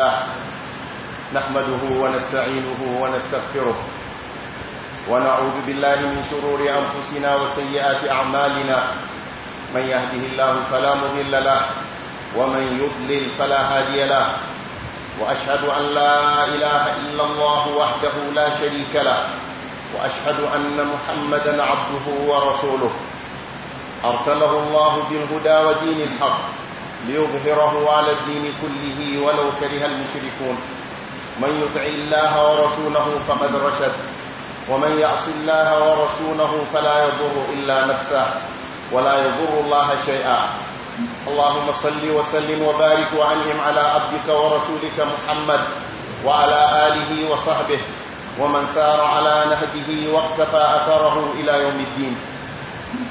الله نحمده ونستعينه ونستغفره ونعوذ بالله من شرور أنفسنا وسيئات أعمالنا من يهده الله فلا مذل له ومن يضلل فلا هادي له وأشهد أن لا إله إلا الله وحده لا شريك له وأشهد أن محمدا عبده ورسوله أرسله الله بالهدى ودين الحق ليظهره على الدين كله ولو كره المشركون من يطع الله ورسوله فقد رشد ومن يعص الله ورسوله فلا يضر إلا نفسه ولا يضر الله شيئا اللهم صل وسلم وبارك وعنهم على عبدك ورسولك محمد وعلى آله وصحبه ومن سار على نهجه واقتفى أثره إلى يوم الدين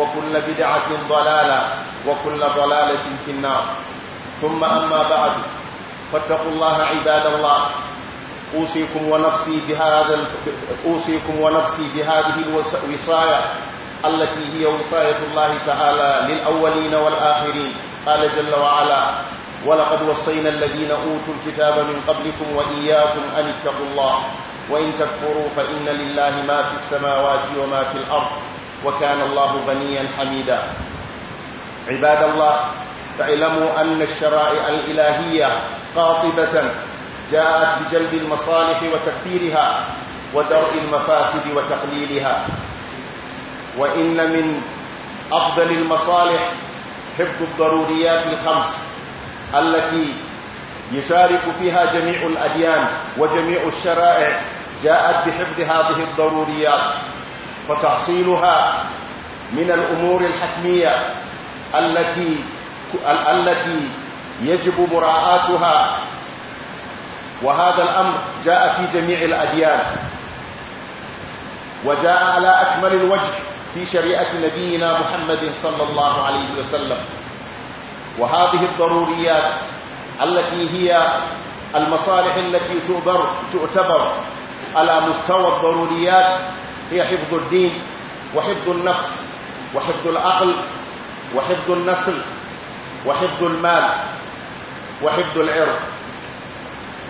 وكل بدعة ضلالة وكل ضلالة في النار ثم أما بعد فاتقوا الله عباد الله أوصيكم ونفسي بهذا أوصيكم ونفسي بهذه الوصاية التي هي وصاية الله تعالى للأولين والآخرين قال جل وعلا ولقد وصينا الذين أوتوا الكتاب من قبلكم وإياكم أن اتقوا الله وإن تكفروا فإن لله ما في السماوات وما في الأرض وكان الله غنيا حميدا عباد الله فاعلموا أن الشرائع الإلهية قاطبة جاءت بجلب المصالح وتكثيرها ودرء المفاسد وتقليلها وإن من أفضل المصالح حفظ الضروريات الخمس التي يشارك فيها جميع الأديان وجميع الشرائع جاءت بحفظ هذه الضروريات فتحصيلها من الأمور الحتمية التي التي يجب مراعاتها وهذا الأمر جاء في جميع الأديان وجاء على أكمل الوجه في شريعة نبينا محمد صلى الله عليه وسلم وهذه الضروريات التي هي المصالح التي تعتبر على مستوى الضروريات هي حفظ الدين وحفظ النفس وحفظ العقل وحفظ النسل وحفظ المال وحفظ العرض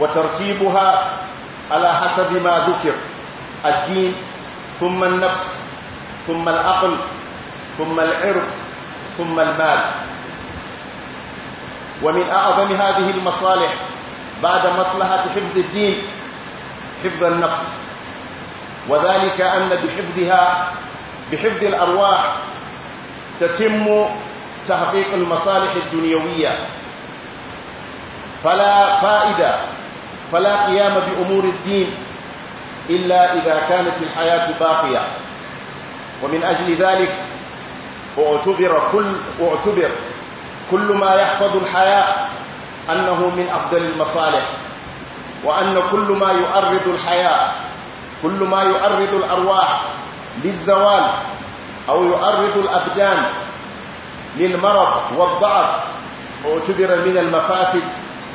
وترتيبها على حسب ما ذكر الدين ثم النفس ثم العقل ثم العرض ثم المال ومن أعظم هذه المصالح بعد مصلحة حفظ الدين حفظ النفس وذلك أن بحفظها بحفظ الأرواح تتم تحقيق المصالح الدنيوية فلا فائدة فلا قيام بأمور الدين إلا إذا كانت الحياة باقية ومن أجل ذلك اعتبر كل, اعتبر كل ما يحفظ الحياة أنه من أفضل المصالح وأن كل ما يؤرض الحياة كل ما يؤرض الأرواح للزوال أو يؤرض الأبدان للمرض والضعف اعتبر من المفاسد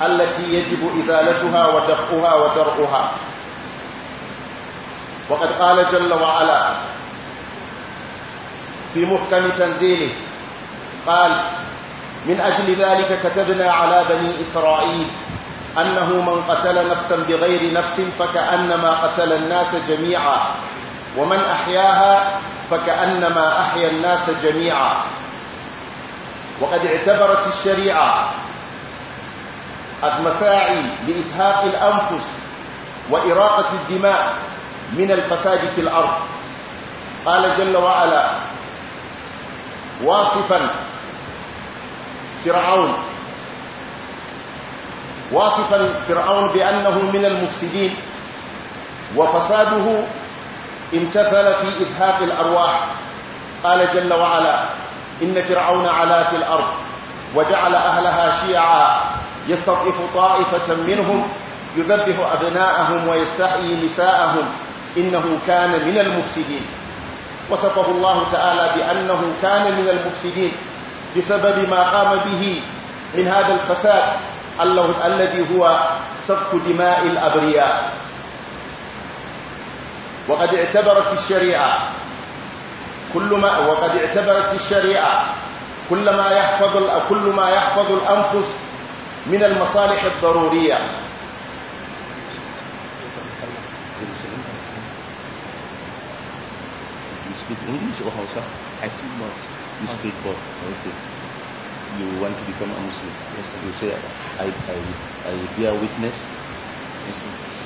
التي يجب إزالتها ودفعها ودرؤها وقد قال جل وعلا في محكم تنزيله قال من أجل ذلك كتبنا على بني إسرائيل أنه من قتل نفسا بغير نفس فكأنما قتل الناس جميعا ومن أحياها فكأنما أحيا الناس جميعا وقد اعتبرت الشريعة المساعي لإتهاق الأنفس وإراقة الدماء من الفساد في الأرض قال جل وعلا واصفا فرعون واصفا فرعون بأنه من المفسدين وفساده امتثل في إزهاق الأرواح قال جل وعلا إن فرعون علا في الأرض وجعل أهلها شيعا يستضعف طائفة منهم يذبح أبناءهم ويستحيي نساءهم إنه كان من المفسدين وصفه الله تعالى بأنه كان من المفسدين بسبب ما قام به من هذا الفساد الله الذي هو سفك دماء الأبرياء وقد اعتبرت الشريعة كل ما وقد اعتبرت الشريعة كل ما يحفظ كل ما يحفظ الأنفس من المصالح الضرورية You speak English or Hausa? I speak both. You speak both. Okay. you want to become a Muslim. Yes, you say, I, I, I bear witness. Yes,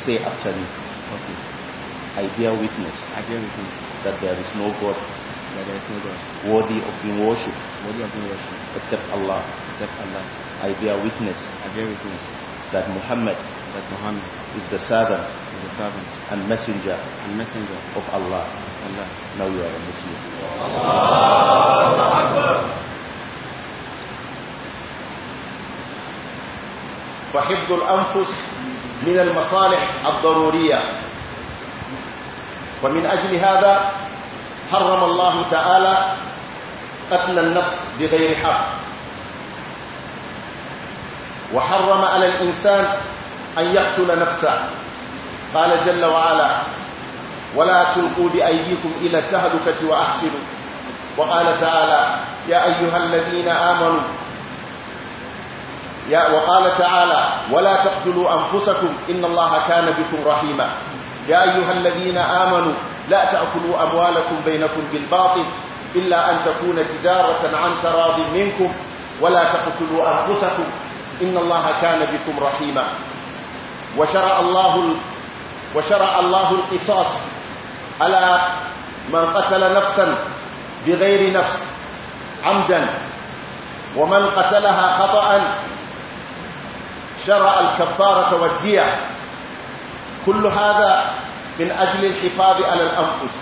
say after me. Okay. I bear witness. I bear witness. That there is no God. That there is no God. Worthy of being worshipped. Worthy of being worshipped. Except Allah. Except Allah. I bear witness. I bear witness. That Muhammad. That Muhammad. Is the servant. Is the servant. And messenger. And messenger. Of Allah. Allah. Now you are a Muslim. Allah. Allah. وحفظ الأنفس من المصالح الضرورية ومن أجل هذا حرم الله تعالى قتل النفس بغير حق وحرم على الإنسان أن يقتل نفسه قال جل وعلا ولا تلقوا بأيديكم إلى التهلكة وأحسنوا وقال تعالى يا أيها الذين آمنوا يا وقال تعالى ولا تقتلوا أنفسكم إن الله كان بكم رحيما يا أيها الذين آمنوا لا تأكلوا أموالكم بينكم بالباطل إلا أن تكون تجارة عن تراض منكم ولا تقتلوا أنفسكم إن الله كان بكم رحيما وشرع الله وشرع الله القصاص على من قتل نفسا بغير نفس عمدا ومن قتلها خطأ شرع الكفارة والدية كل هذا من أجل الحفاظ على الأنفس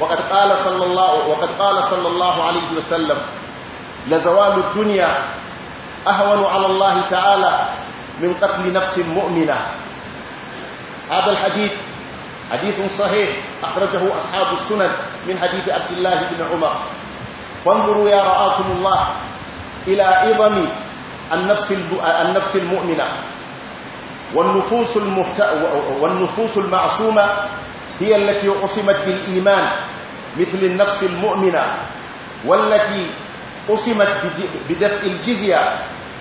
وقد قال صلى الله, وقد قال صلى الله عليه وسلم لزوال الدنيا أهون على الله تعالى من قتل نفس مؤمنة هذا الحديث حديث صحيح أخرجه أصحاب السنن من حديث عبد الله بن عمر فانظروا يا رعاكم الله إلى عظم النفس النفس المؤمنة والنفوس المحت... والنفوس المعصومة هي التي عصمت بالإيمان مثل النفس المؤمنة والتي عصمت بدفع الجزية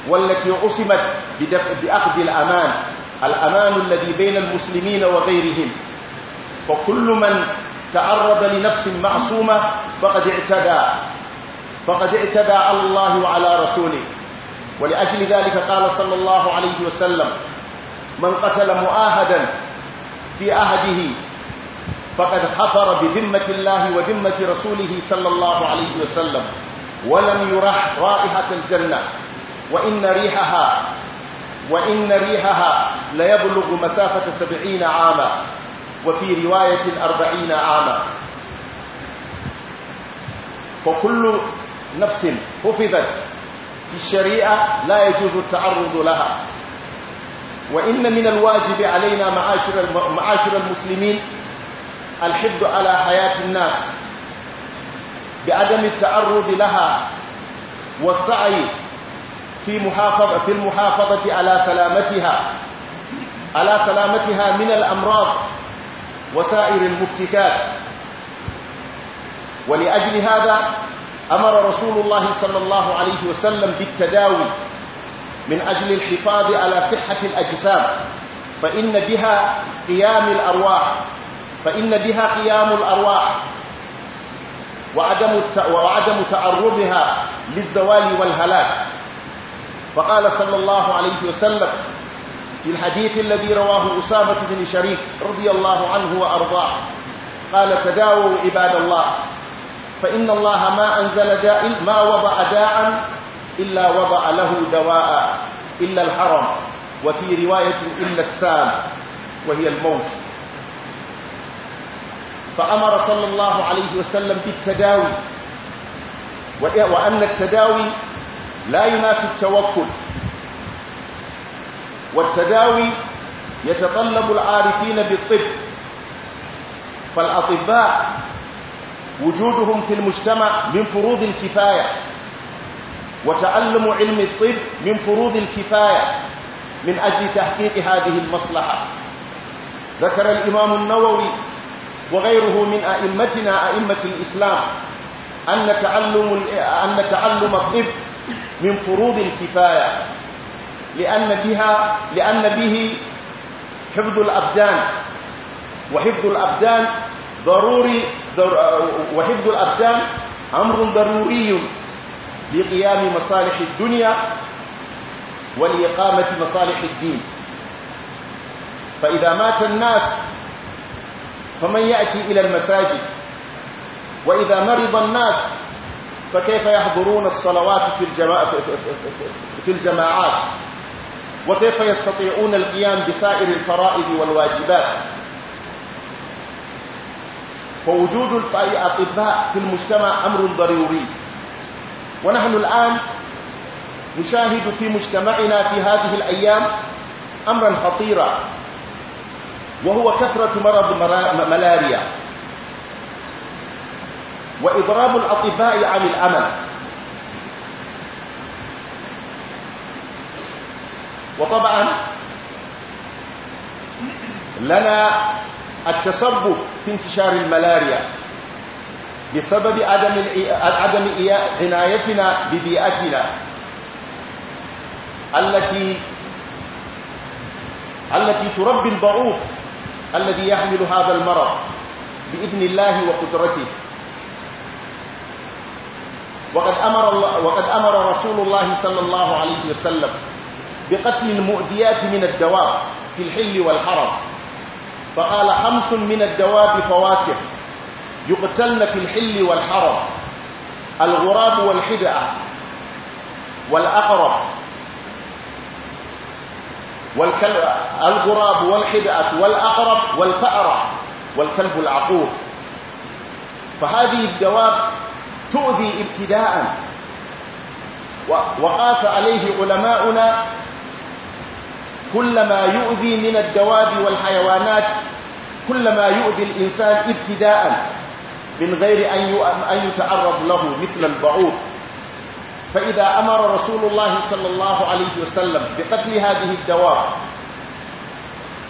والتي عصمت بدفع بأخذ الأمان الأمان الذي بين المسلمين وغيرهم فكل من تعرض لنفس معصومة فقد اعتدى فقد اعتدى على الله وعلى رسوله ولأجل ذلك قال صلى الله عليه وسلم من قتل مؤاهدا في أهده فقد خفر بذمة الله وذمة رسوله صلى الله عليه وسلم ولم يرح رائحة الجنة وإن ريحها وإن ريحها ليبلغ مسافة سبعين عاما وفي رواية أربعين عاما وكل نفس حفظت في الشريعة لا يجوز التعرض لها وإن من الواجب علينا معاشر المسلمين الحفظ على حياة الناس بعدم التعرض لها والسعي في محافظة في المحافظة على سلامتها على سلامتها من الأمراض وسائر المفتكات ولأجل هذا أمر رسول الله صلى الله عليه وسلم بالتداوي من أجل الحفاظ على صحة الأجسام فإن بها قيام الأرواح فإن بها قيام الأرواح وعدم وعدم تعرضها للزوال والهلاك فقال صلى الله عليه وسلم في الحديث الذي رواه أسامة بن شريك رضي الله عنه وأرضاه قال تداووا عباد الله فإن الله ما أنزل داء ما وضع داء إلا وضع له دواء إلا الحرم وفي رواية إلا السام وهي الموت فأمر صلى الله عليه وسلم بالتداوي وأن التداوي لا ينافي التوكل والتداوي يتطلب العارفين بالطب فالأطباء وجودهم في المجتمع من فروض الكفاية وتعلم علم الطب من فروض الكفاية من أجل تحقيق هذه المصلحة ذكر الإمام النووي وغيره من أئمتنا أئمة الإسلام أن تعلم, أن تعلم الطب من فروض الكفاية لأن, بها لأن به حفظ الأبدان وحفظ الأبدان ضروري آه، وحفظ الأبدان أمر ضروري لقيام مصالح الدنيا ولإقامة مصالح الدين فإذا مات الناس فمن يأتي إلى المساجد وإذا مرض الناس فكيف يحضرون الصلوات في, الجماع في الجماعات وكيف يستطيعون القيام بسائر الفرائض والواجبات ووجود الأطباء في المجتمع أمر ضروري ونحن الآن نشاهد في مجتمعنا في هذه الأيام أمرا خطيرا وهو كثرة مرض ملاريا وإضراب الأطباء عن الأمل وطبعا لنا التسبب في انتشار الملاريا بسبب عدم عدم عنايتنا ببيئتنا التي التي تربي البعوض الذي يحمل هذا المرض بإذن الله وقدرته وقد أمر, الله وقد أمر رسول الله صلى الله عليه وسلم بقتل المؤذيات من الدواب في الحل والحرم فقال خمس من الدواب فواسق يقتلن في الحل والحرم الغراب والحدعة والأقرب الغراب والحدعة والأقرب والفأرة والكلب العقور فهذه الدواب تؤذي ابتداء وقاس عليه علماؤنا كل ما يؤذي من الدواب والحيوانات كل ما يؤذي الإنسان ابتداء من غير أن يتعرض له مثل البعوض فإذا أمر رسول الله صلى الله عليه وسلم بقتل هذه الدواب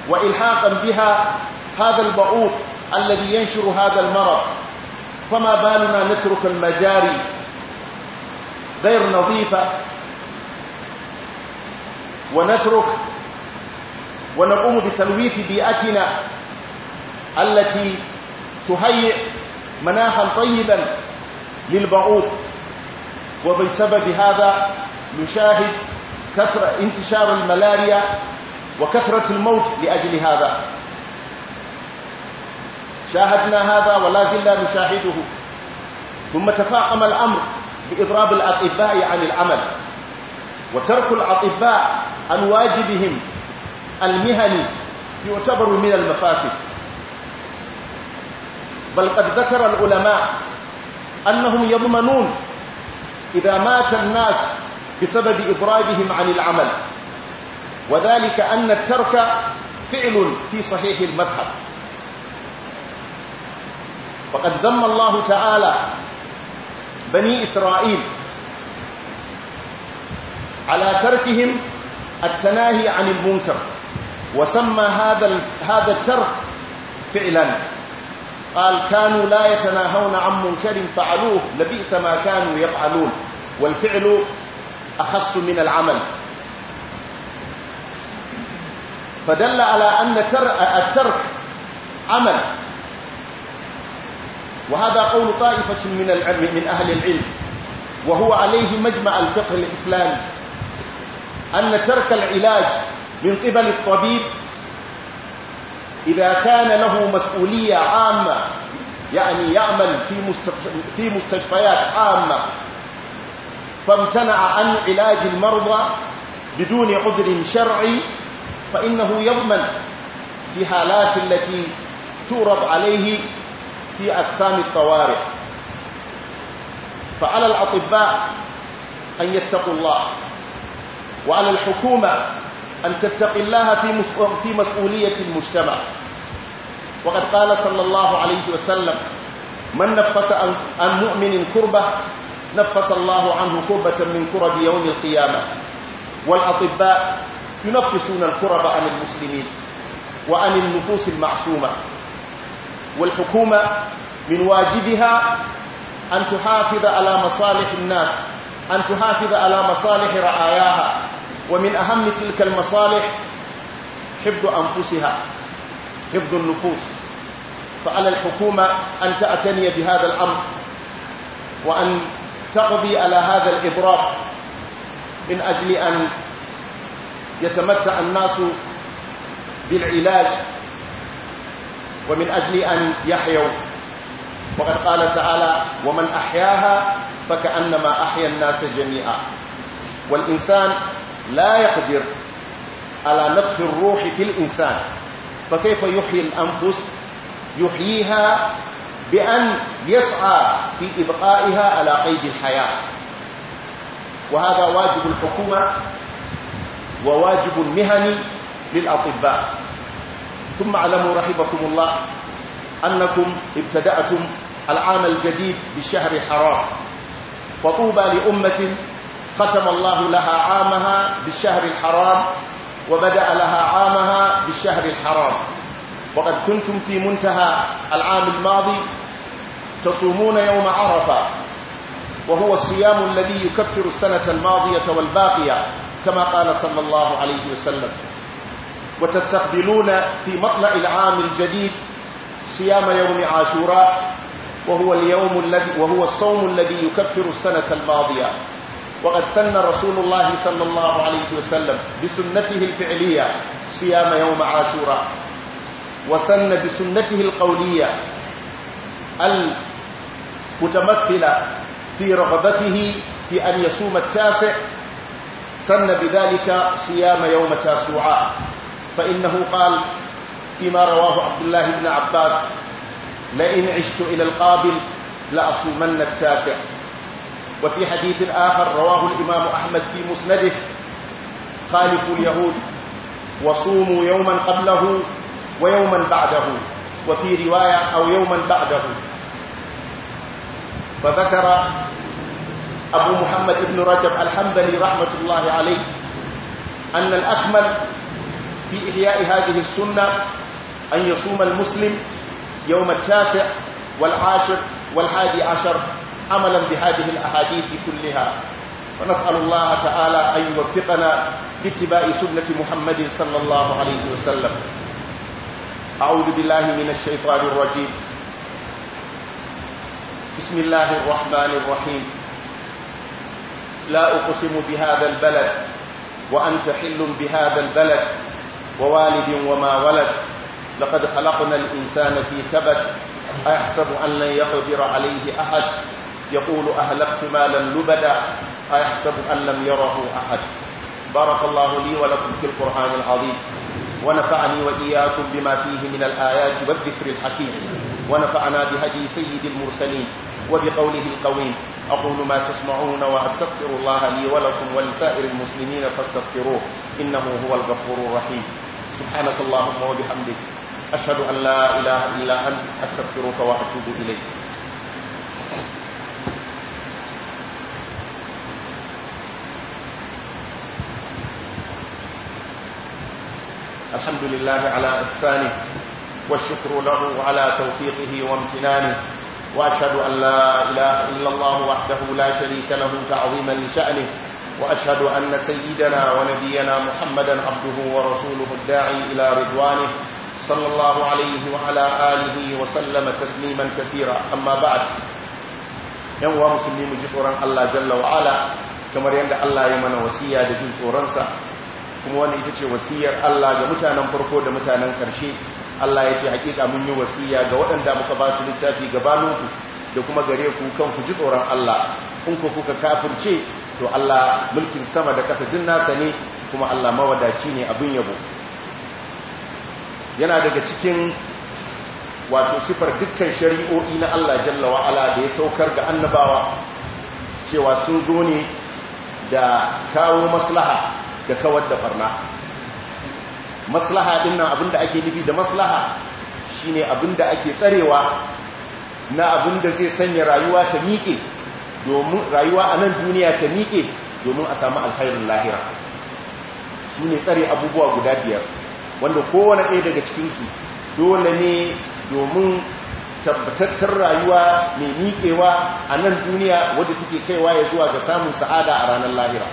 وإلحاقا بها هذا البعوض الذي ينشر هذا المرض فما بالنا نترك المجاري غير نظيفة ونترك ونقوم بتلويث بيئتنا التي تهيئ مناخا طيبا للبعوض وبسبب هذا نشاهد كثرة انتشار الملاريا وكثرة الموت لأجل هذا شاهدنا هذا ولا زلنا نشاهده ثم تفاقم الأمر بإضراب الأطباء عن العمل وترك الأطباء عن واجبهم المهني يعتبر من المفاسد بل قد ذكر العلماء أنهم يضمنون إذا مات الناس بسبب إضرابهم عن العمل وذلك أن الترك فعل في صحيح المذهب وقد ذم الله تعالى بني إسرائيل على تركهم التناهي عن المنكر وسمى هذا هذا الترك فعلا قال كانوا لا يتناهون عن منكر فعلوه لبئس ما كانوا يفعلون والفعل أخص من العمل فدل على أن الترك عمل وهذا قول طائفة من من أهل العلم وهو عليه مجمع الفقه الإسلامي أن ترك العلاج من قبل الطبيب إذا كان له مسؤولية عامة يعني يعمل في مستشفيات عامة فامتنع عن علاج المرضى بدون عذر شرعي فإنه يضمن في حالات التي تورد عليه في أقسام الطوارئ فعلى الأطباء أن يتقوا الله وعلى الحكومة أن تتقي الله في في مسؤولية المجتمع وقد قال صلى الله عليه وسلم من نفس عن مؤمن كربة نفس الله عنه كربة من كرب يوم القيامة والأطباء ينفسون الكرب عن المسلمين وعن النفوس المعصومة والحكومة من واجبها أن تحافظ على مصالح الناس أن تحافظ على مصالح رعاياها ومن أهم تلك المصالح حفظ أنفسها حفظ النفوس فعلى الحكومة أن تأتني بهذا الأمر وأن تقضي على هذا الإضراب من أجل أن يتمتع الناس بالعلاج ومن أجل أن يحيوا وقد قال تعالى ومن أحياها فكأنما أحيا الناس جميعا والإنسان لا يقدر على نفخ الروح في الإنسان فكيف يحيي الأنفس يحييها بأن يسعى في إبقائها على قيد الحياة وهذا واجب الحكومة وواجب المهن للأطباء ثم اعلموا رحمكم الله أنكم ابتدأتم العام الجديد بالشهر حرام فطوبى لأمة ختم الله لها عامها بالشهر الحرام وبدأ لها عامها بالشهر الحرام وقد كنتم في منتهى العام الماضي تصومون يوم عرفة وهو الصيام الذي يكفر السنة الماضية والباقية كما قال صلى الله عليه وسلم وتستقبلون في مطلع العام الجديد صيام يوم عاشوراء وهو اليوم الذي وهو الصوم الذي يكفر السنة الماضية وقد سن رسول الله صلى الله عليه وسلم بسنته الفعلية صيام يوم عاشوراء وسن بسنته القولية المتمثلة في رغبته في أن يصوم التاسع سن بذلك صيام يوم تاسوعا فإنه قال فيما رواه عبد الله بن عباس لئن عشت إلى القابل لأصومن التاسع وفي حديث آخر رواه الإمام أحمد في مسنده خالف اليهود وصوموا يوما قبله ويوما بعده وفي رواية أو يوما بعده فذكر أبو محمد بن رجب الحنبلي رحمة الله عليه أن الأكمل في إحياء هذه السنة أن يصوم المسلم يوم التاسع والعاشر والحادي عشر عملا بهذه الأحاديث كلها ونسأل الله تعالى أن يوفقنا لاتباع سنة محمد صلى الله عليه وسلم أعوذ بالله من الشيطان الرجيم بسم الله الرحمن الرحيم لا أقسم بهذا البلد وأنت حل بهذا البلد ووالد وما ولد لقد خلقنا الإنسان في كبد أيحسب أن لن يقدر عليه أحد يقول أهلكت مالا لبدا أيحسب أن لم يره أحد بارك الله لي ولكم في القرآن العظيم ونفعني وإياكم بما فيه من الآيات والذكر الحكيم ونفعنا بهدي سيد المرسلين وبقوله القويم أقول ما تسمعون وأستغفر الله لي ولكم ولسائر المسلمين فاستغفروه إنه هو الغفور الرحيم سبحانك اللهم وبحمدك أشهد أن لا إله إلا أنت أستغفرك وأتوب إليك الحمد لله على إحسانه والشكر له على توفيقه وامتنانه وأشهد أن لا إله إلا الله وحده لا شريك له تعظيما لشأنه وأشهد أن سيدنا ونبينا محمدا عبده ورسوله الداعي إلى رضوانه صلى الله عليه وعلى آله وسلم تسليما كثيرا أما بعد ينوى مسلم جفرا الله جل وعلا كما يندع الله يمن وسيا جسورا kuma wani ita ce wasiyar Allah ga mutanen farko da mutanen karshe Allah ya ce hakika mun yi wasiya ga waɗanda muka ba su littafi gabaninku da kuma gare ku kan ku ji tsoron Allah in ku kuka kafirce to Allah mulkin sama da ƙasa din nasa ne kuma Allah mawadaci ne abin yabo yana daga cikin wato sifar dukkan shari'o'i na Allah jalla wa'ala da ya saukar ga annabawa cewa sun zo ne da kawo maslaha da kawar da farna maslaha din nan abinda ake nufi da maslaha shine abinda ake tsarewa na abinda zai sanya rayuwa ta miƙe domin rayuwa a nan duniya ta miƙe domin a samu alkhairin lahira su ne tsare abubuwa guda biyar wanda kowane ɗaya daga cikinsu dole ne domin tabbatattar rayuwa mai miƙewa a nan duniya wadda take kaiwa ya zuwa ga samun sa'ada a ranar lahira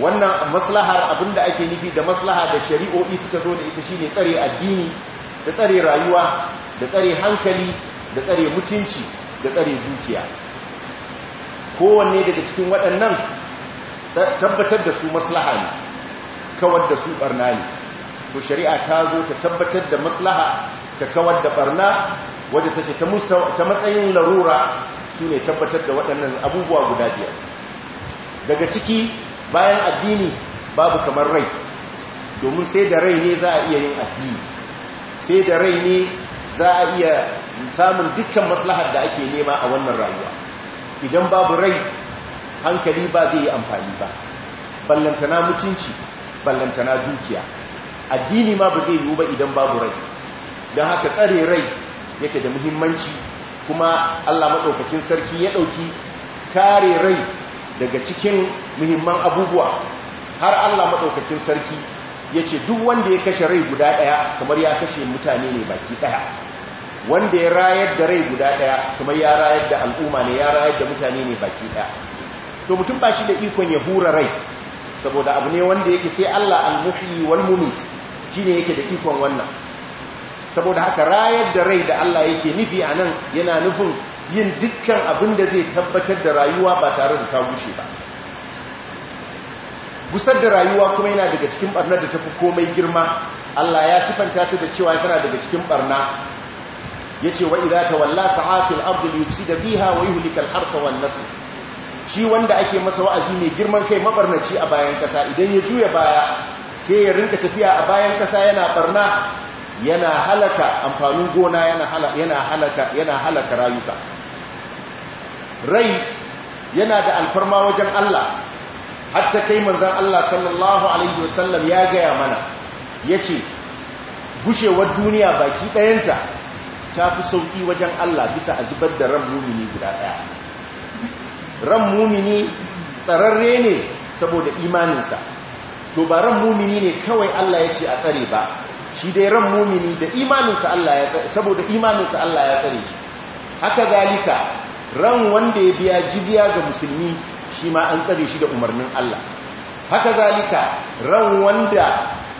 wannan maslahar abinda ake nufi da maslaha da shari'o'i suka zo da ita shine tsare addini da tsare rayuwa da tsare hankali da tsare mutunci da tsare dukiya kowanne daga cikin waɗannan tabbatar da su maslaha ne kawar da su barna ne to shari'a ta zo ta tabbatar da maslaha ta kawar da barna wadda take ta matsayin larura su ne tabbatar da waɗannan abubuwa guda biyar daga ciki bayan addini babu kamar rai domin sai da rai ne za a iya yin addini sai da rai ne za a iya samun dukkan maslahar da ake nema a wannan rayuwa idan babu rai hankali ba zai yi amfani ba ballantana mutunci ballantana dukiya addini ma ba zai yiwu ba idan babu rai don haka tsare rai yake da muhimmanci kuma allah maɗaukakin sarki ya ɗauki kare rai daga cikin muhimman abubuwa har Allah maɗaukakin sarki ya ce duk wanda ya kashe rai guda ɗaya kamar ya kashe mutane ne baki ɗaya wanda ya rayar da rai guda ɗaya kamar ya rayar da al'umma ne ya rayar da mutane ne baki ɗaya to mutum ba shi da ikon ya hura rai saboda abu ne wanda yake sai Allah al-muhyi wal mumit shine yake da ikon wannan saboda haka rayar da rai da Allah yake nufi anan yana nufin yin dukkan abin da zai tabbatar da rayuwa ba tare da ta gushe ba gusar da rayuwa kuma yana daga cikin barna da ta fi komai girma Allah ya sifanta ta da cewa tana daga cikin barna ce wa idza tawalla sa'atil ardi da fiha wa yuhlika al-hartha wan-nasl shi wanda ake masa wa'azi mai girman kai mabarnaci a bayan kasa idan ya juya baya sai ya rinka tafiya a bayan kasa yana barna yana halaka amfanin gona yana halaka yana halaka rayuka rai yana da alfarma wajen Allah hatta kai manzon Allah sallallahu alaihi wasallam ya gaya mana ya ce gushewar duniya baki ɗayanta ta fi sauƙi wajen Allah bisa a zubar da ran mumini guda ɗaya ran mumini tsararre ne saboda imaninsa to ba ran mumini ne kawai Allah ya ce a tsare ba shi dai ran mumini da imaninsa Allah ya tsare saboda imaninsa Allah ya tsare shi haka zalika ran wanda ya biya jizya ga musulmi shi ma an tsare shi da umarnin Allah haka zalika ran wanda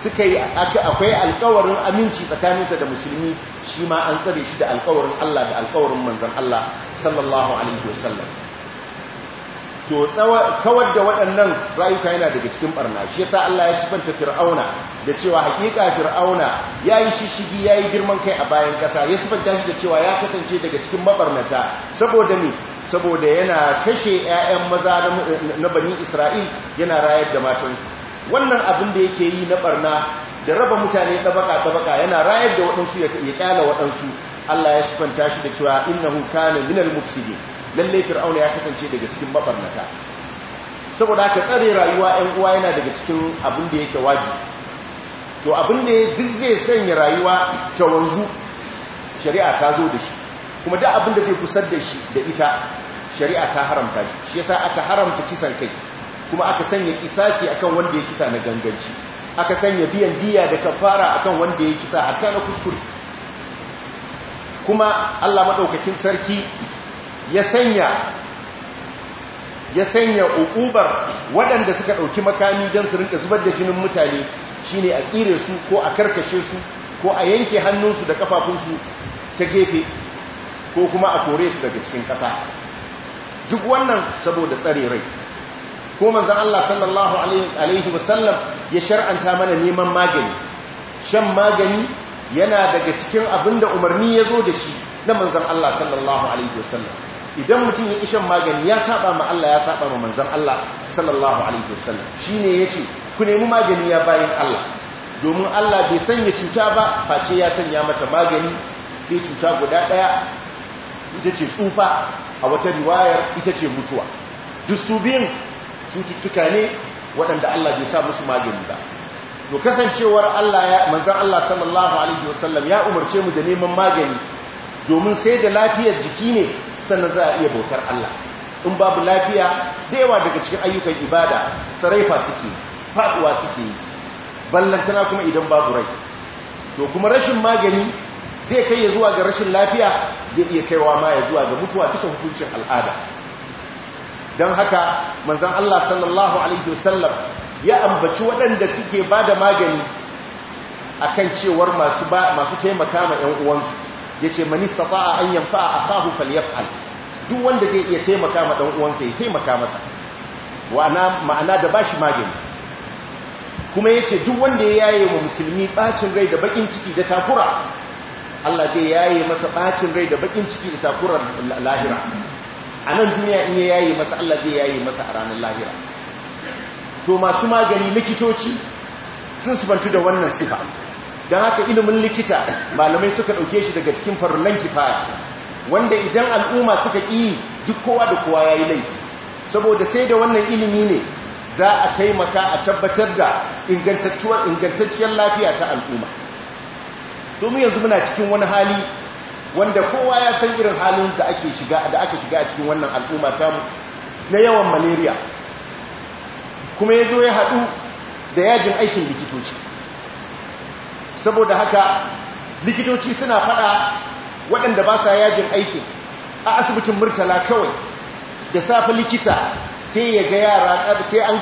suka yi akwai alkawarin aminci tsakaninsa da musulmi shi ma an tsare shi da alkawarin Allah da alkawarin manzon Allah sallallahu alaihi wasallam to kawar da waɗannan rayuka yana daga cikin barna shi yasa Allah ya sifanta fir'auna da cewa hakika fir'auna yayi shishigi yayi girman kai a bayan ƙasa ya sifanta shi da cewa ya kasance daga cikin mabarnata saboda me saboda yana kashe 'ya'yan maza na bani Isra'il yana rayar da matansu wannan abin da yake yi na barna da raba mutane tabaka-tabaka yana rayar da waɗansu ya kyala waɗansu Allah ya sifanta shi da cewa innahu kana minal mufsidin lalle fir'auna ya kasance daga cikin mabarnata saboda haka tsare rayuwa ɗan uwa yana daga cikin abin da yake wajibi to abin da duk zai sanya rayuwa ta wanzu shari'a ta zo da shi kuma duk abin da zai kusar da shi da ita shari'a ta haramta shi shi yasa aka haramta kisan kai kuma aka sanya kisasi akan wanda ya kisa na ganganci aka sanya biyan diya da kafara akan wanda ya kisa hatta na kuskure kuma Allah madaukakin sarki ya sanya ya sanya waɗanda suka ɗauki makami don su rinka zubar da jinin mutane shi ne a tsire su ko a karkashe su ko a yanke hannunsu da kafafunsu ta gefe ko kuma a kore su daga cikin ƙasa duk wannan saboda tsare rai ko manzan Allah sallallahu alaihi wasallam ya shar'anta mana neman magani shan magani yana daga cikin abinda umarni ya zo da shi na manzan Allah sallallahu alaihi wasallam idan mutum ya kishan magani ya saba ma Allah ya saba ma manzan Allah sallallahu alaihi wasallam shine ce ku nemi magani ya bayan Allah domin Allah bai sanya cuta ba face ya sanya mata magani sai cuta guda ɗaya ita ce tsufa a wata riwayar ita ce mutuwa duk su biyun cututtuka ne waɗanda Allah bai sa musu magani ba to kasancewar Allah ya manzan Allah sallallahu alaihi wasallam ya umarce mu da neman magani domin sai da lafiyar jiki ne sannan za a iya bautar Allah in babu lafiya da yawa daga cikin ayyukan ibada saraifa suke faduwa suke yi ballantana kuma idan babu rai to kuma rashin magani zai kai ya zuwa ga rashin lafiya zai iya kaiwa ma ya zuwa ga mutuwa bisa hukuncin al'ada don haka manzan Allah sallallahu alaihi wasallam ya ambaci waɗanda suke ba da magani akan cewar masu taimaka ma 'yan uwansu yace anyan fa'a an kahu akahu falyaf'al duk wanda zai iya taimaka ma dan uwansa ya taimaka masa ma'ana da bashi magani kuma yace duk wanda ya yaye wa musulmi bacin rai da bakin ciki da takura Allah zai yaye masa ɓacin rai da bakin ciki da takura lahira a nan duniya in ya yaye masa Allah zai yaye masa a ranar lahira to masu magani likitoci sun sifantu da wannan sifa don haka ilimin likita malamai suka ɗauke shi daga cikin farulan kifaya wanda idan al'umma suka ƙi duk kowa da kowa ya yi laifi saboda sai da wannan ilimi ne za a taimaka a tabbatar da ingantacciyar lafiya ta al'umma domin yanzu muna cikin wani hali wanda kowa ya san irin halin da ake shiga da aka shiga a cikin wannan al'umma ta mu na yawan malaria kuma ya zo ya haɗu da yajin aikin likitoci saboda haka likitoci suna fada waɗanda ba sa yajin aiki a asibitin murtala kawai da safe likita sai ya ga yara sai an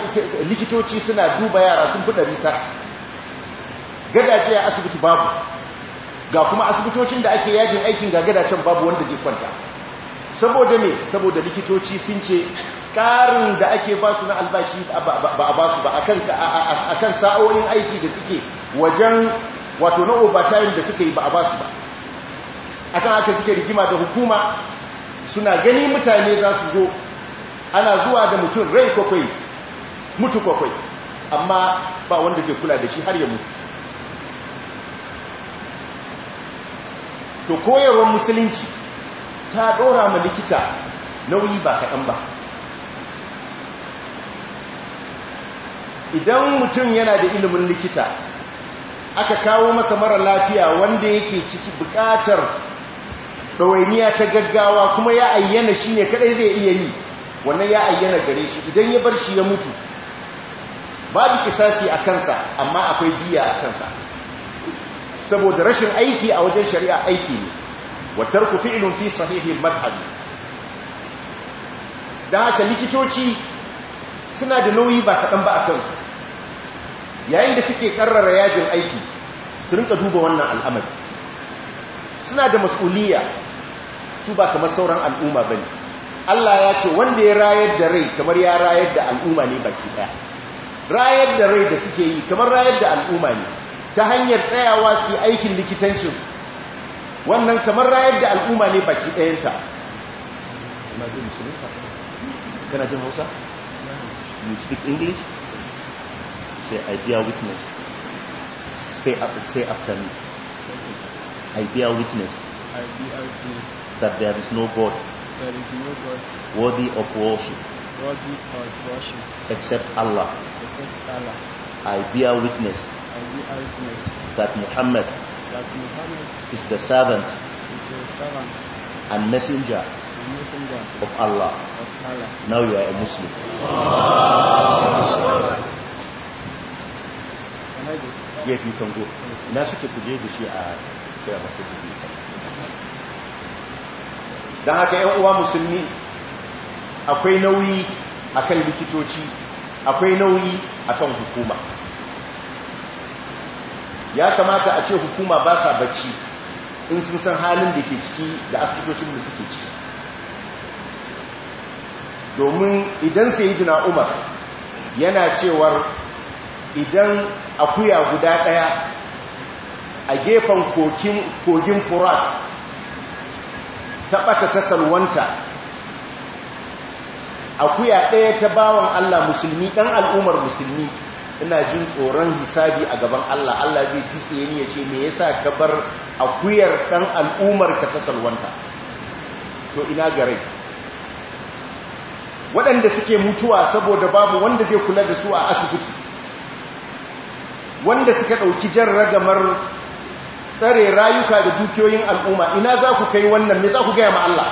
likitoci suna duba yara sun fi ɗari tara gadace a asibiti babu ga kuma asibitocin da ake yajin aikin ga gadacen babu wanda zai kwanta saboda me saboda likitoci sun ce ƙarin da ake ba su na albashi ba a ba su ba akan sa'o'in aiki da suke wajen wato na overtime da suka yi ba a basu ba akan haka suke rigima da hukuma suna gani mutane za su zo ana zuwa da mutum rai kwakwai mutu kwakwai amma ba wanda ke kula da shi har ya mutu to koyarwar musulunci ta dora ma likita nauyi ba kaɗan ba idan mutum yana da ilimin likita aka kawo masa mara lafiya wanda yake ciki bukatar ɗawainiya ta gaggawa kuma ya ayyana shi ne kaɗai zai iya yi wannan ya ayyana gare shi idan ya bar shi ya mutu babu kisasi a kansa amma akwai diya a kansa saboda rashin aiki a wajen shari'a aiki ne watar ku fi'ilun fi sahihin madhabi don haka likitoci suna da nauyi ba kaɗan ba a kansu yayin da suke karrara yajin aiki su rinka duba wannan al'amari suna da mas'uliyya su ba kamar sauran al'umma ba ne Allah ya ce wanda ya rayar da rai kamar ya rayar da al'umma ne baki ɗaya rayar da rai da suke yi kamar rayar da al'umma ne ta hanyar tsayawa su yi aikin likitancinsu wannan kamar rayar da al'umma ne baki ɗayanta kana jin hausa? you speak english? say, I bear witness. Say, say after me. I bear witness. I bear witness. That there is no God. There is no God. Worthy of worship. Worthy of worship. Except Allah. Except Allah. I bear witness. I bear witness. That Muhammad. That Muhammad. Is the servant. Is the servant. And messenger. Of Allah. Of Allah. Now you are a Muslim. Oh. ya fi kango na suke kuje da shi a kira masu gudu don haka yan uwa musulmi akwai nauyi a kan likitoci akwai nauyi a kan hukuma ya kamata a ce hukuma ba sa bacci in sun san halin da ke ciki da asibitocin da suke ciki domin idan sai umar yana cewar idan akuya guda ɗaya a gefen kogin furat ta ɓata ta salwanta akuya ɗaya ta bawan Allah musulmi ɗan al'ummar musulmi ina jin tsoron hisabi a gaban Allah Allah zai tise ni ya ce me yasa ka bar akuyar ɗan al'ummar ka ta salwanta to ina gare waɗanda suke mutuwa saboda babu wanda zai kula da su a asibiti wanda suka ɗauki jan ragamar tsare rayuka da dukiyoyin al'umma ina za ku kai wannan mai za ku gaya ma Allah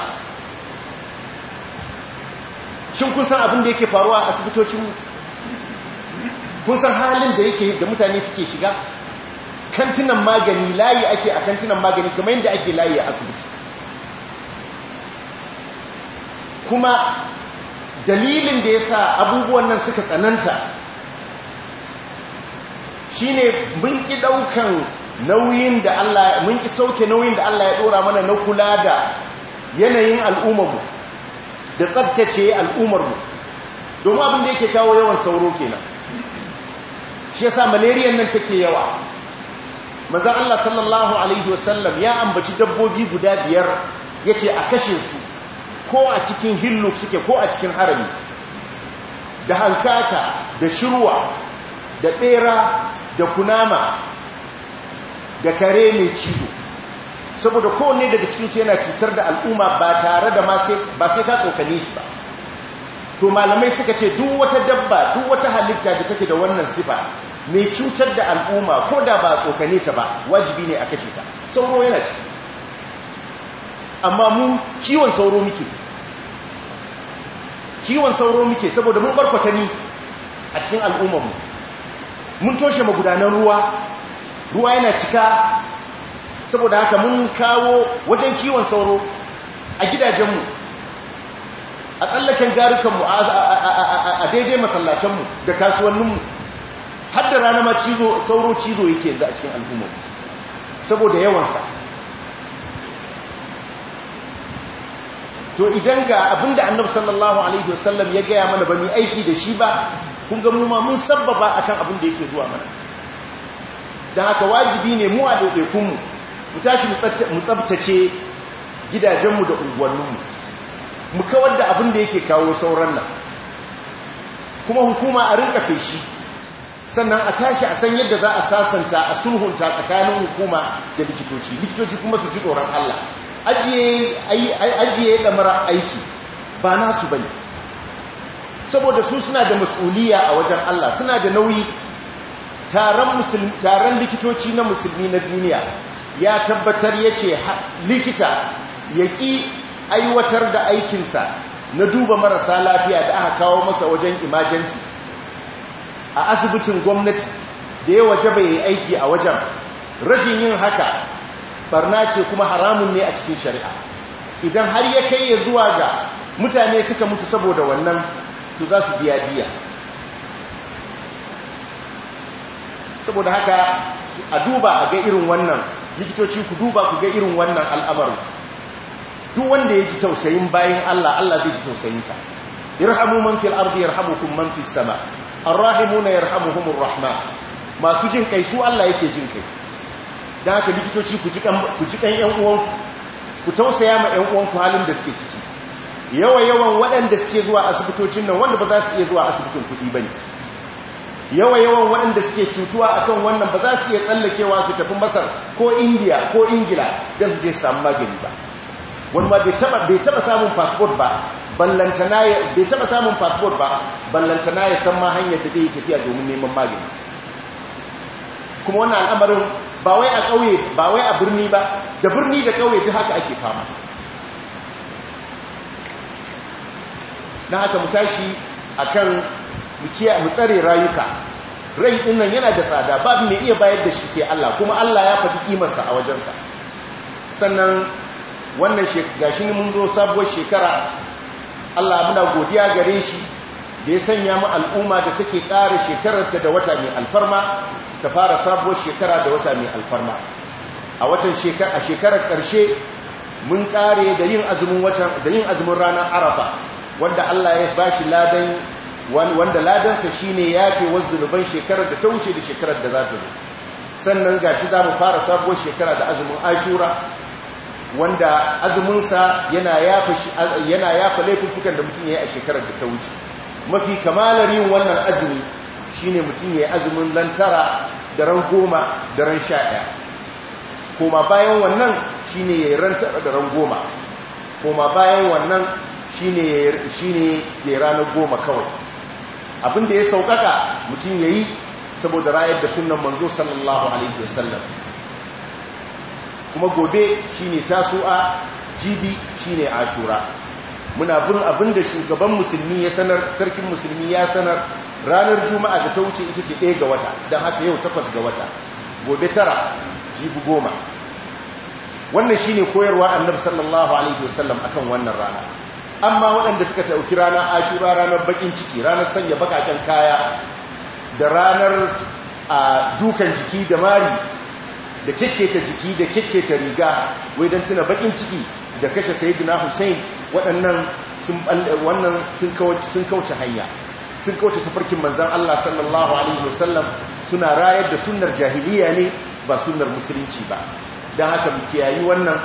shin kun san abin da yake faruwa a asibitocin kun san halin da yake da mutane suke shiga kantinan magani layi ake a kantinan magani kamar yadda ake layi a asibiti kuma dalilin da ya sa abubuwan nan suka tsananta shine mun ki daukan nauyin da Allah mun ki sauke nauyin da Allah ya dora mana na kula da yanayin al'ummarmu da tsabtace al'ummarmu domin abin da yake kawo yawan sauro kenan shi yasa malaria nan take yawa manzon Allah sallallahu alaihi wasallam ya ambaci dabbobi guda biyar yace a kashe su ko a cikin hillu suke ko a cikin harami da hankaka da shirwa da tsera da kunama da kare mai cizo saboda kowane daga cikinsu yana cutar da al'umma ba tare da ba sai ka tsokane shi ba to malamai suka ce duk wata dabba duk wata halitta da take da wannan sifa mai cutar da al'umma ko da ba tsokane ta ba wajibi ne a kashe ta sauro yana ci amma mu kiwon sauro muke kiwon sauro muke saboda mun barkwata ni a cikin al'ummarmu mun toshe magudanan ruwa ruwa yana cika saboda haka mun kawo wajen kiwon sauro a gidajenmu a tsallaken garukanmu a daidai masallacenmu da kasuwanninmu har da rana ma sauro cizo yake yanzu a cikin al'ummar saboda yawansa to idan ga abinda annabi sallallahu alaihi wasallam ya gaya mana bani aiki da shi ba kun ga mu ma mun sabbaba akan abin da yake zuwa mana dan haka wajibi ne mu a daidaikunmu mu mu tashi mu tsabtace gidajenmu da unguwanninmu mu kawar da abin da yake kawo sauran nan kuma hukuma a rinka feshi sannan a tashi a san yadda za a sasanta a sulhunta tsakanin hukuma da likitoci likitoci kuma su ji tsoron Allah ajiye ɗamarar aiki ba nasu bane saboda su suna da mas'uliya a wajen Allah suna da nauyi taron likitoci na musulmi na duniya ya tabbatar ya ce likita ya ƙi aiwatar da aikinsa na duba marasa lafiya da aka kawo masa wajen imajensi a asibitin gwamnati da ya waje bai aiki a wajen rashin yin haka barna ce kuma haramun ne a cikin shari'a idan har ya kai ya zuwa ga mutane suka mutu saboda wannan to za su biya biya saboda haka a duba a ga irin wannan likitoci ku duba ku ga irin wannan al'amarin duk wanda ya ji tausayin bayan Allah Allah zai ji tausayinsa irhamu man fil ardi yarhamukum man fis sama arrahimuna yarhamuhumur rahman masu jin kai su Allah yake jin kai dan haka likitoci ku ji kan ku ji kan yan uwan ku tausaya ma yan uwanku halin da suke ciki yawa-yawan waɗanda suke zuwa asibitocin nan wanda ba za su iya zuwa asibitin kuɗi ba ne yawa-yawan waɗanda suke cutuwa a kan wannan ba za su iya tsallakewa su tafi masar ko indiya ko ingila don su je samu magani ba wani bai taɓa samun fasfot ba bai ya san ma hanyar da zai tafiya domin neman magani kuma wannan al'amarin ba wai a ƙauye ba wai a birni ba da birni da ƙauye duk haka ake fama na haka mu tashi akan mu tsare rayuka rai din yana da tsada babu mai iya bayar da shi sai Allah kuma Allah ya faɗi kimarsa a wajensa sannan wannan gashi mun zo sabuwar shekara Allah muna godiya gare shi da ya sanya mu al'umma da take ƙara shekararta da wata mai alfarma ta fara sabuwar shekara da wata mai alfarma a watan shekara a shekarar ƙarshe mun ƙare da yin azumin watan da yin azumin ranar arafa wanda Allah ya bashi ladan wanda ladansa shine yafe wazzuluban shekarar da ta wuce da shekarar da za ta zo sannan gashi za mu fara sabuwar shekara da azumin Ashura wanda azuminsa yana yafa yana yafa laifukan da mutum yayi a shekarar da ta wuce mafi kamalar yin wannan azumi shine mutum yayi azumin lantara da ran goma da ran koma bayan wannan shine yayi ran da ran goma koma bayan wannan shine ya ranar goma kawai Abin da ya sauƙaƙa mutum ya yi saboda rayar da sunan manzo sallallahu alaihi wasallam kuma gobe shine tasu'a jibi shine ashura muna bin abinda shugaban musulmi ya sanar sarkin musulmi ya sanar ranar juma'a da ta wuce ita ce ɗaya ga wata don haka yau takwas ga wata gobe tara jibi goma wannan shine koyarwa annabi sallallahu alaihi wasallam akan wannan rana amma waɗanda suka tauki ranar ashura ranar bakin ciki ranar sanya bakaken kaya da ranar a dukan jiki da mari da kekketa jiki da kekketa riga wai don tuna bakin ciki da kashe sayyidina hussein waɗannan wannan sun kauce hanya sun kauce tafarkin manzan Allah sallallahu alaihi wasallam suna rayar da sunnar jahiliya ne ba sunar musulunci ba don haka mu kiyayi wannan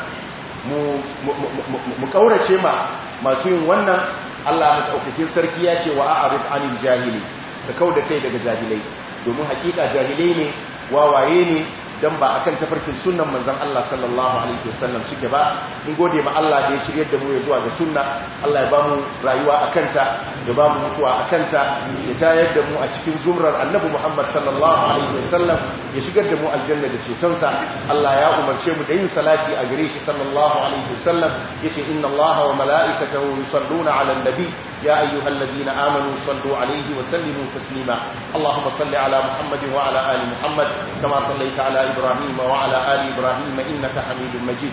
mu ƙaurace ma masu yin wannan Allah maɗaukakin sarki ya ce wa a'arid anil jahili ka kau da kai daga jahilai domin hakika jahilai ne wawaye ne dan ba a kan tafarkin sunnan manzon Allah sallallahu alaihi wasallam suke ba in gode ma Allah da ya shiryar da mu ya zuwa ga sunna Allah ya bamu rayuwa a kanta ya bamu mutuwa a kanta ya tayar da mu a cikin zumrar annabi Muhammad sallallahu alaihi wasallam ya shigar da mu aljanna da cetonsa Allah ya umarce mu da yin salati a gare shi sallallahu alaihi wasallam ce inna Allah wa mala'ikatahu yusalluna 'alan nabi يا أيها الذين آمنوا صلوا عليه وسلموا تسليما salli ala على محمد وعلى آل محمد كما صليت ala. إبراهيم وعلى آل إبراهيم إنك حميد مجيد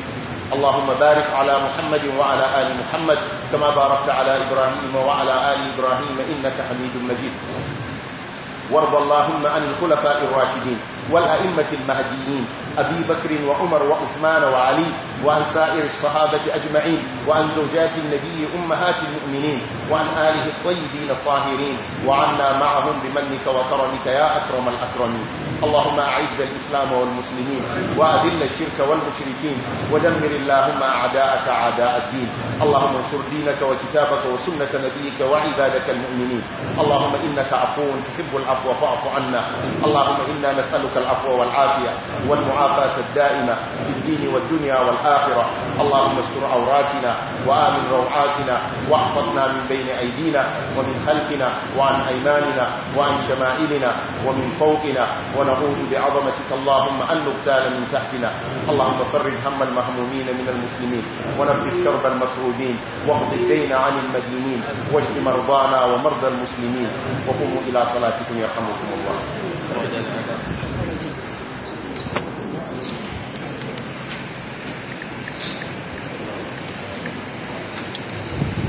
اللهم بارك على محمد وعلى آل محمد كما باركت على إبراهيم وعلى آل إبراهيم إنك حميد مجيد وارض اللهم عن الخلفاء الراشدين والأئمة المهديين أبي بكر وعمر وعثمان وعلي وعن سائر الصحابة أجمعين وعن زوجات النبي أمهات المؤمنين وعن آله الطيبين الطاهرين وعنا معهم بمنك وكرمك يا أكرم الأكرمين اللهم أعز الإسلام والمسلمين وأذل الشرك والمشركين ودمر اللهم أعداءك أعداء الدين اللهم انصر دينك وكتابك وسنة نبيك وعبادك المؤمنين اللهم إنك عفو تحب العفو فاعف عنا اللهم إنا نسألك العفو والعافية والمعافاة الدائمة في الدين والدنيا والآخرة اللهم استر عوراتنا وآمن روعاتنا واحفظنا من بين أيدينا ومن خلفنا وعن أيماننا وعن شمائلنا ومن فوقنا ونعوذ ونعوذ بعظمتك اللهم أن نبتال من تحتنا اللهم فرج هم المهمومين من المسلمين ونفذ كرب المكروبين واقض الدين عن المدينين واشف مرضانا ومرضى المسلمين وقوموا إلى صلاتكم يرحمكم الله